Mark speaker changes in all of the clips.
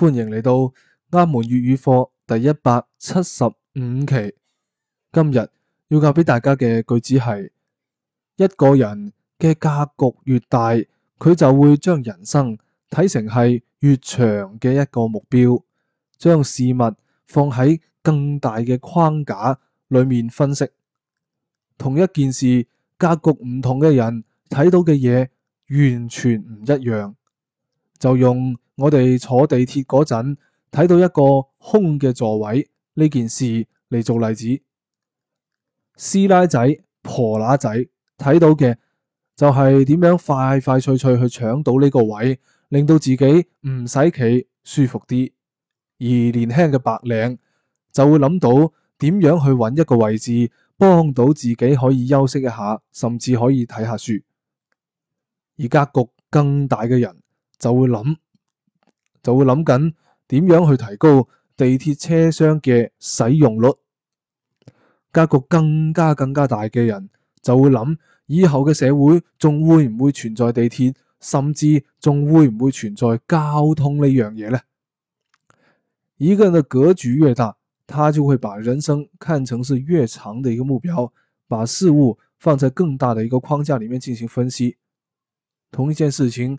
Speaker 1: 歡迎嚟到阿門粵語課第一百七十五期。今日要教俾大家嘅句子係：一個人嘅格局越大，佢就會將人生睇成係越長嘅一個目標，將事物放喺更大嘅框架裏面分析。同一件事，格局唔同嘅人睇到嘅嘢完全唔一樣。就用我哋坐地鐵嗰陣，睇到一個空嘅座位呢件事嚟做例子，師奶仔、婆乸仔睇到嘅就係、是、點樣快快脆脆去搶到呢個位，令到自己唔使企舒服啲；而年輕嘅白領就會諗到點樣去搵一個位置，幫到自己可以休息一下，甚至可以睇下書；而格局更大嘅人就會諗。就會諗緊點樣去提高地鐵車廂嘅使用率，格局更加更加大嘅人就會諗以後嘅社會仲會唔會存在地鐵，甚至仲會唔會存在交通呢樣嘢呢？一個人嘅格局越大，他就會把人生看成是越長的一個目標，把事物放在更大嘅一個框架裏面進行分析，同一件事情。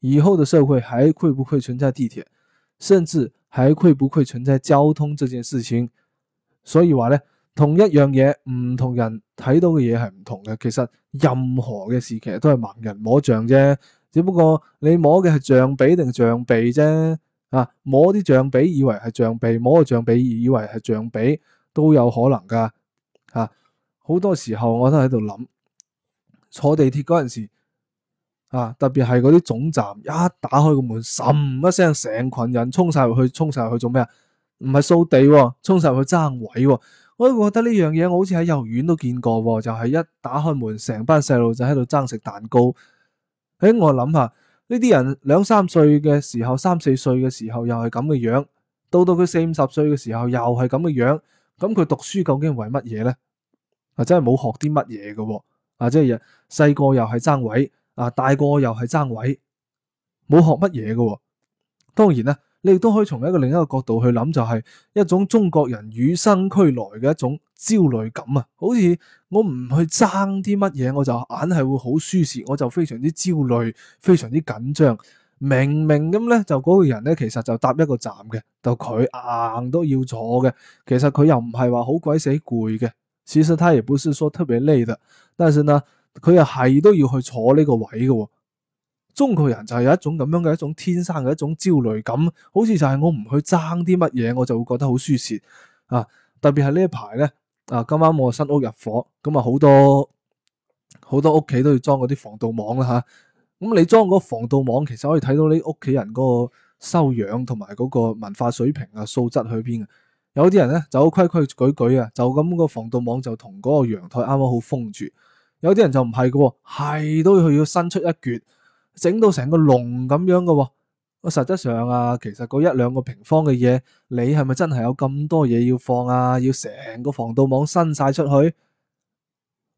Speaker 1: 以後的社會仲會唔會存在地鐵，甚至仲會唔會存在交通這件事情？所以話咧，同一樣嘢，唔同人睇到嘅嘢係唔同嘅。其實任何嘅事，其實都係盲人摸象啫，只不過你摸嘅係象髀定象鼻啫。啊，摸啲象髀以為係象鼻，摸個象髀以為係象髀，都有可能噶。啊，好多時候我都喺度諗，坐地鐵嗰陣時。啊！特別係嗰啲總站，一打開個門，冧一聲，成群人衝晒入去，衝晒入去做咩啊？唔係掃地，衝晒入去爭位。我都覺得呢樣嘢，我好似喺幼兒園都見過，就係一打開門，成班細路仔喺度爭食蛋糕。誒，我諗下呢啲人兩三歲嘅時候，三四歲嘅時候又係咁嘅樣，到到佢四五十歲嘅時候又係咁嘅樣。咁佢讀書究竟為乜嘢咧？啊，真係冇學啲乜嘢嘅。啊，即係細個又係爭位。啊，大個又係爭位，冇學乜嘢嘅。當然咧，你亦都可以從一個另一個角度去諗，就係一種中國人與生俱來嘅一種焦慮感啊。好似我唔去爭啲乜嘢，我就硬係會好舒適，我就非常之焦慮，非常之緊張。明明咁咧，就嗰個人咧，其實就搭一個站嘅，就佢硬都要坐嘅。其實佢又唔係話好鬼死攰嘅。其實他也不是說特別累的，但是呢。佢又係都要去坐呢個位嘅。哦，中國人就係有一種咁樣嘅一種天生嘅一種焦慮感，好似就係我唔去爭啲乜嘢，我就會覺得好舒適啊！特別係呢一排咧，啊，今晚我新屋入伙，咁啊好多好多屋企都要裝嗰啲防盜網啦吓。咁、啊嗯、你裝嗰防盜網，其實可以睇到你屋企人嗰個修養同埋嗰個文化水平啊、素質去邊嘅。有啲人咧就好規規矩矩啊，就咁、嗰個防盜網就同嗰個陽台啱啱好封住。有啲人就唔係嘅喎，係都要佢要伸出一橛，整到成個籠咁樣嘅喎。我實質上啊，其實嗰一兩個平方嘅嘢，你係咪真係有咁多嘢要放啊？要成個防盜網伸晒出去，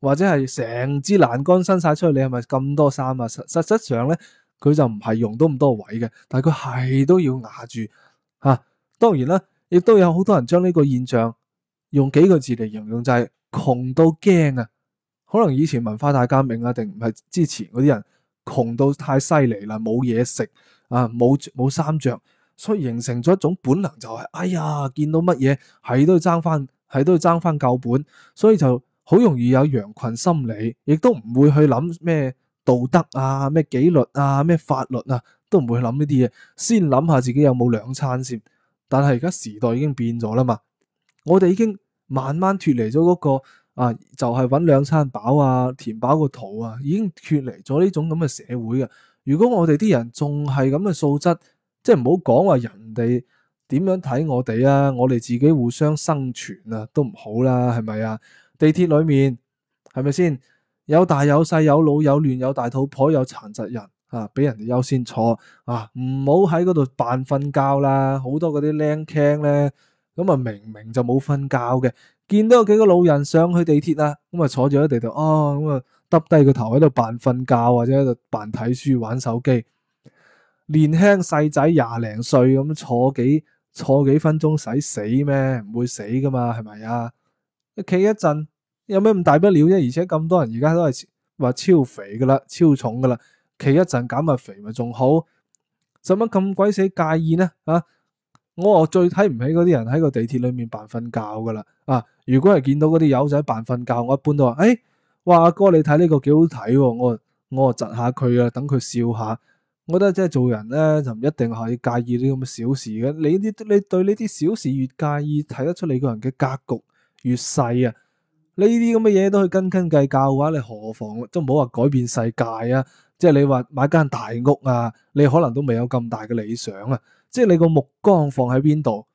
Speaker 1: 或者係成支欄杆伸晒出去，你係咪咁多衫啊？實實質上咧，佢就唔係用到咁多位嘅，但係佢係都要壓住嚇。啊，當然啦，亦都有好多人將呢個現象用幾個字嚟形容，就係窮到驚啊！可能以前文化大革命啊，定唔係之前嗰啲人窮到太犀利啦，冇嘢食啊，冇冇衫着，所以形成咗一種本能，就是，就係哎呀，見到乜嘢喺都要爭翻喺都要爭翻夠本，所以就好容易有羊群心理，亦都唔會去諗咩道德啊、咩紀律啊、咩法律啊，都唔會諗呢啲嘢，先諗下自己有冇兩餐先。但係而家時代已經變咗啦嘛，我哋已經慢慢脱離咗嗰個。啊！就係揾兩餐飽啊，填飽個肚啊，已經脫離咗呢種咁嘅社會嘅。如果我哋啲人仲係咁嘅素質，即係唔好講話人哋點樣睇我哋啊，啊我哋自己互相生存啊都唔好啦，係咪啊？地鐵裡面係咪先？有大有細，有老有嫩，有大肚婆，有殘疾人啊，俾人哋優先坐啊，唔好喺嗰度扮瞓覺啦！好多嗰啲靚傾咧～咁啊，就明明就冇瞓覺嘅，見到有幾個老人上去地鐵啦，咁啊坐住喺度，哦，咁啊耷低個頭喺度扮瞓覺或者喺度扮睇書玩手機。年輕細仔廿零歲咁坐幾坐幾分鐘使死咩？唔會死噶嘛，係咪啊？企一陣有咩咁大不了啫？而且咁多人而家都係話超肥噶啦，超重噶啦，企一陣減下肥咪仲好，做乜咁鬼死介意呢？啊！我最睇唔起嗰啲人喺個地鐵裏面扮瞓覺噶啦啊！如果係見到嗰啲友仔扮瞓覺，我一般都話：哎、欸，哇，阿哥你睇呢個幾好睇喎！我我窒下佢啊，等佢笑下。我覺得即係做人咧，就唔一定可以介意啲咁嘅小事嘅。你呢？你對呢啲小事越介意，睇得出你個人嘅格局越細啊！呢啲咁嘅嘢都去斤斤計較嘅、啊、話，你何妨？都唔好話改變世界啊！即係你話買間大屋啊，你可能都未有咁大嘅理想啊！即係你個目光放喺邊度，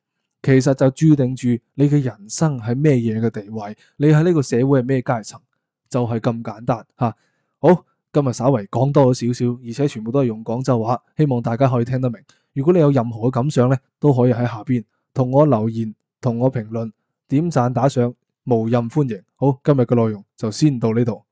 Speaker 1: 其實就注定住你嘅人生係咩嘢嘅地位，你喺呢個社會係咩階層，就係、是、咁簡單吓，啊。好，今日稍為講多咗少少，而且全部都係用廣州話，希望大家可以聽得明。如果你有任何嘅感想咧，都可以喺下邊同我留言、同我評論、點讚、打賞，無任歡迎。好，今日嘅內容就先到呢度。